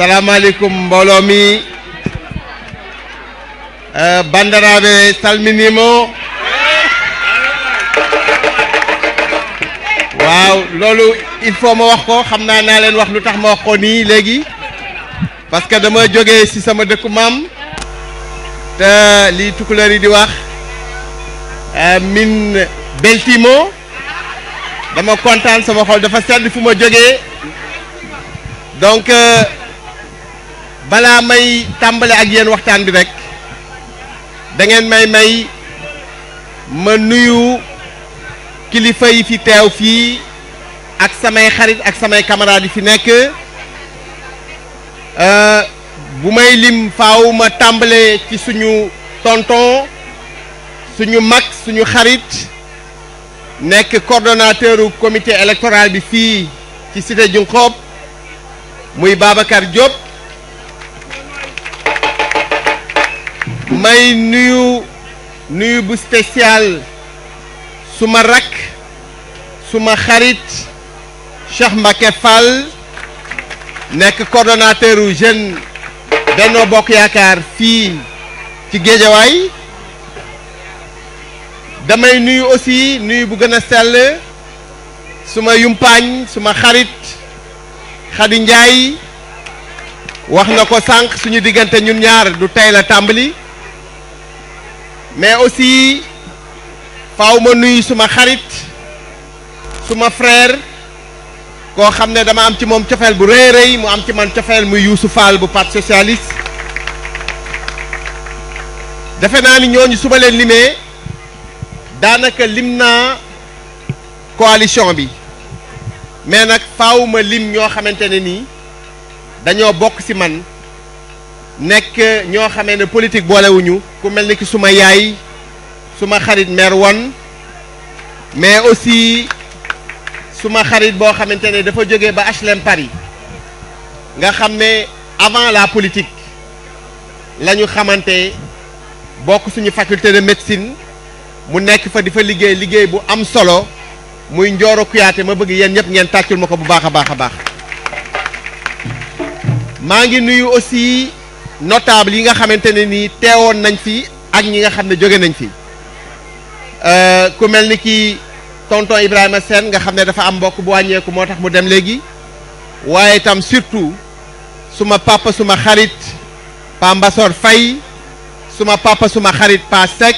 salaamaaleykum mbooloo mi euh, bandiraaɓe salminimo waaw loolu il faut ma wax ko xam naa naa leen wax lu tax ma wax ko nii léegi parce que dama jóge ci sama dëkku maam te li tukulóor yi di wax euh, min beltimo dama kontaan sama xol dafa sedd fu ma jógee donc euh, balaa may tàmbale ak yenn waxtaan bi rek dangeen may may ma nuyu kilifa yi fi teew fii ak samay xarit ak samay camarades yi fi nekk euh, bu may lim faaw tàmbale ci suñu tonton suñu mag suñu xarit nekk coordonnateur u comité bi fii ci cité Junxob muy Babacar Diop may nuyu nuyu bu spécial suma rakk suma xarit Cheikh Mbacké Fall nekk coordonnateur u jeune Benno Bokk Yaakaar fii ci Géejawaay damay nuyu aussi nuyu bu gën a sell suma yumpaañ suma xarit Xadi Njaay wax na ko sànq suñu diggante ñun ñaar du tey la tàmbali mais aussi faaw ma nuyu suma xarit suma frère koo xam ne dama am ci moom cofeel bu rëy rëy mu am ci man cofeel muy Youssou Fall bu parti socialiste defe naa ni ñooñu su ma leen limee daanaka lim naa coalition bi mais nag faaw lim ñoo xamante ne nii dañoo bokk ci man nekk ñoo xamee ne politique boolewuñu ku mel ni ki suma yaay suma xarit maire wan mais aussi suma xarit boo xamante ne dafa jógee ba HLM Paris nga xam ne avant la politique lañu ñu xamante bokk suñu faculté de médecine mu nekk fa di fa liggéey liggéey bu am solo muy Ndioro kuyaate ma bëgg yéen ñëpp ngeen tàccul ma ko bu baax a baax a baax notable yi nga xamante ne nii teewoon nañ fi ak ñi nga xam ne jóge nañ fi euh, ku mel ni ki tonton Ibrahima Sène nga xam dafa am mbokk bu wàññeeku moo tax mu dem léegi waaye itam surtout suma papa suma xarit Pa Mbassor Fay suma papa suma xarit Pa Seck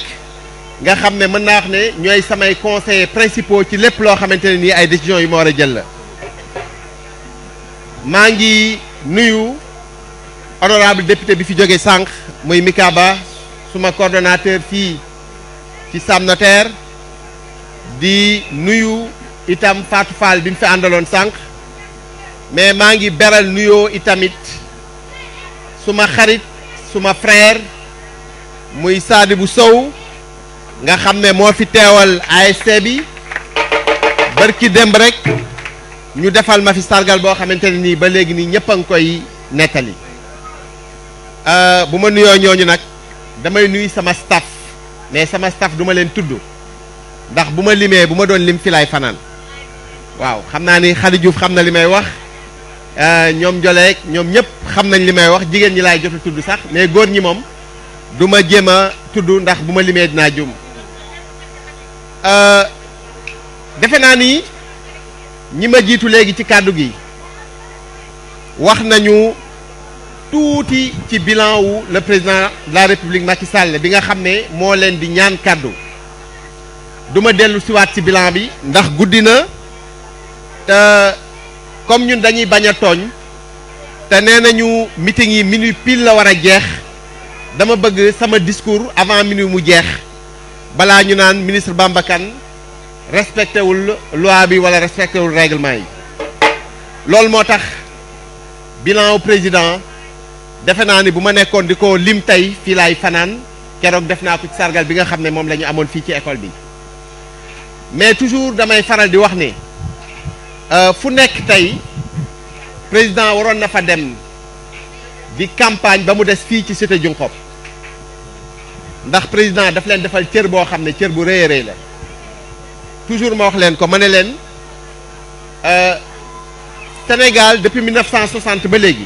nga xam ne mën naa wax ne ñooy samay conseillers principaux ci lépp loo xamante ne nii ay décisions yu ma war a jël la maa nuyu honorable député bi fi joggé sank muy Mika Ba suma coordonnateur fi ci Sam Notaire di nuyu itam Fatou Fall bi fi andalon sank mais maa ngi beral nuyo itamit suma xarit suma frère muy Sadibou Sow nga xamné mo fi téwal ASC bi barki démb rek ñu defal ma fi sargal bo xamanteni ni ba légui ni ñëpp koy netali Euh, bu ma nuyoo ñooñu nag damay nuyu sama staff mais sama staff du leen tudd ndax bu ma limee bu ma doon lim fi fanaan waaw xam naa ni Khady Diouf xam na li may wax euh, ñoom joleeg ñoom ñëpp xam nañ li may wax jigéen ñi laay jot a tudd sax mais góor ñi moom du ma jéem a tudd ndax bu ma limee dinaa jum euh, defe naa ni ñi ma jiitu léegi ci kàddu gi wax nañu touti ci bilan wu le président de la république Macky Sall bi nga xamné mo len di ñaan cadeau duma delu ci wat ci bilan bi ndax guddina te comme ñun dañuy baña togn te nenañu meeting yi minuit pile la wara jeex dama bëgg sama discours avant minuit mu jeex bala ñu naan ministre Bamba respecté wul loi bi wala respecté wul règlement yi lool motax bilan président defe naa ni bu ma nekkoon di lim tay fi lay fanaan kérok def naa ko ci sargal bi nga xamné mom lañu amone fi ci école bi mais toujours damay faral di wax ni euh, fu nekk tay président waroon na fa dem di campagne ba mu des fii ci cité Junqop ndax président daf leen defal cieur bo xamné cieur bu rëy a la toujours ma wax leen ko mané ne euh Sénégal depuis 1960 ba légui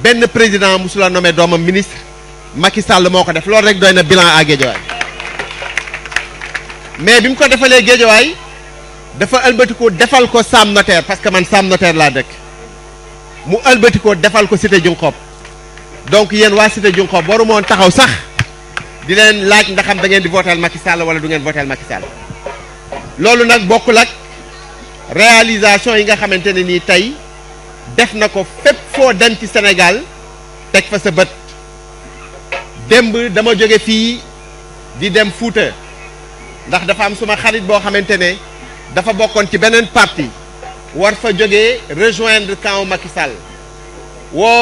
ben président musula nommé doom ministre Macky Sall moo def lool rek doyna bilan à Guédiawaye mais bim mu ko defalee Guédiawaye dafa ëlbatikoo defal ko Sam Notaire parce que man Sam Notaire laa dëkk mu ëlbatikoo defal ko Cité Junkob donc yéen wa Cité Junkob waru moon taxaw sax di leen laaj ndaxam da ngeen di votel Macky Sall wala du ngeen votel Macky Sall loolu nag bokkul ak réalisation yi nga xamante ni tay def nako fep faut dem ci Sénégal fa sa bet demb dama fi di dem Fouta ndax dafa am suma xarit dafa ci parti war fa rejoindre camp Macky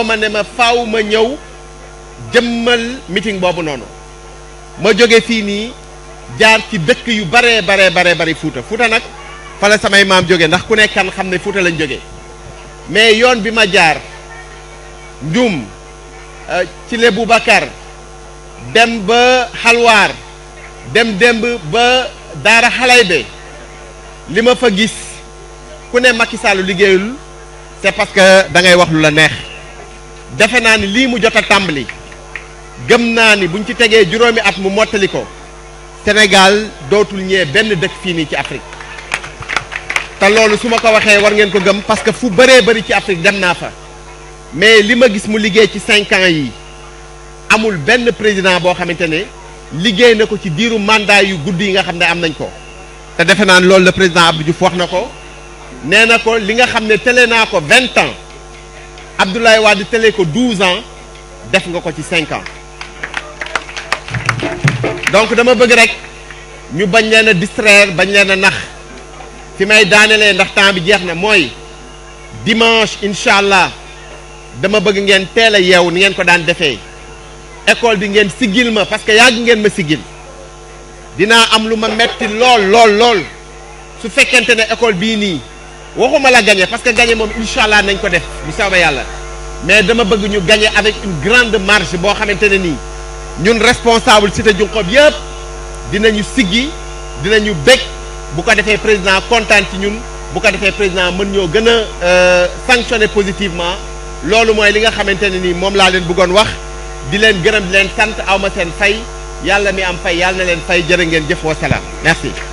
ma ne ma faaw ma meeting bobu nonu ma fi ni jaar ci yu bare bare bare nak fa la samay ndax ku mais Ndioum Thilé euh, Boubacar dem ba xalwaar dem démb ba Daara Xalaybe li ma fa gis ku ne Macky Sall liggéeyul c'est parce que da ngay wax lu la neex defe naa ni lii mu jot a tàmbali gëm naa ni buñ ci tegee juróomi at mu mottali ko Sénégal dootul ñee benn dëkk fii nii ci Afrique te loolu su ma ko waxee war ngeen ko gëm parce que fu bëree bëri ci Afrique dem naa fa. mais lima ma gis mu liggéey ci 5 ans yi amul benn président boo xamante ne liggéey na ko ci diiru mandat yu gudd yi nga président Abdou na ko na li nga ans Abdoulaye Wade ko 12 ans def nga ko ans donc dama bëgg rek ñu bañ distraire bañ nax dimanche Inshallah dama bëgg ngeen teel a ni ngeen ko daan école bi ma parce que je ngeen ma sigil dinaa am lu ma metti lool lool lool su ne école bii waxuma la gagné parce que gagné moom incha nañ ko mais dama bëgg gagné avec une grande marge boo xamante ne nii ñun responsable cité Nous yëpp dinañu dinañu bu ko président président positivement. loolu mooy li nga xamante ne nii moom laa leen bëggoon wax di leen gërëm di leen sant aw ma seen fay yàlla mi am fay yàlla na leen fay jërë ngeen jëf wa salaam merci.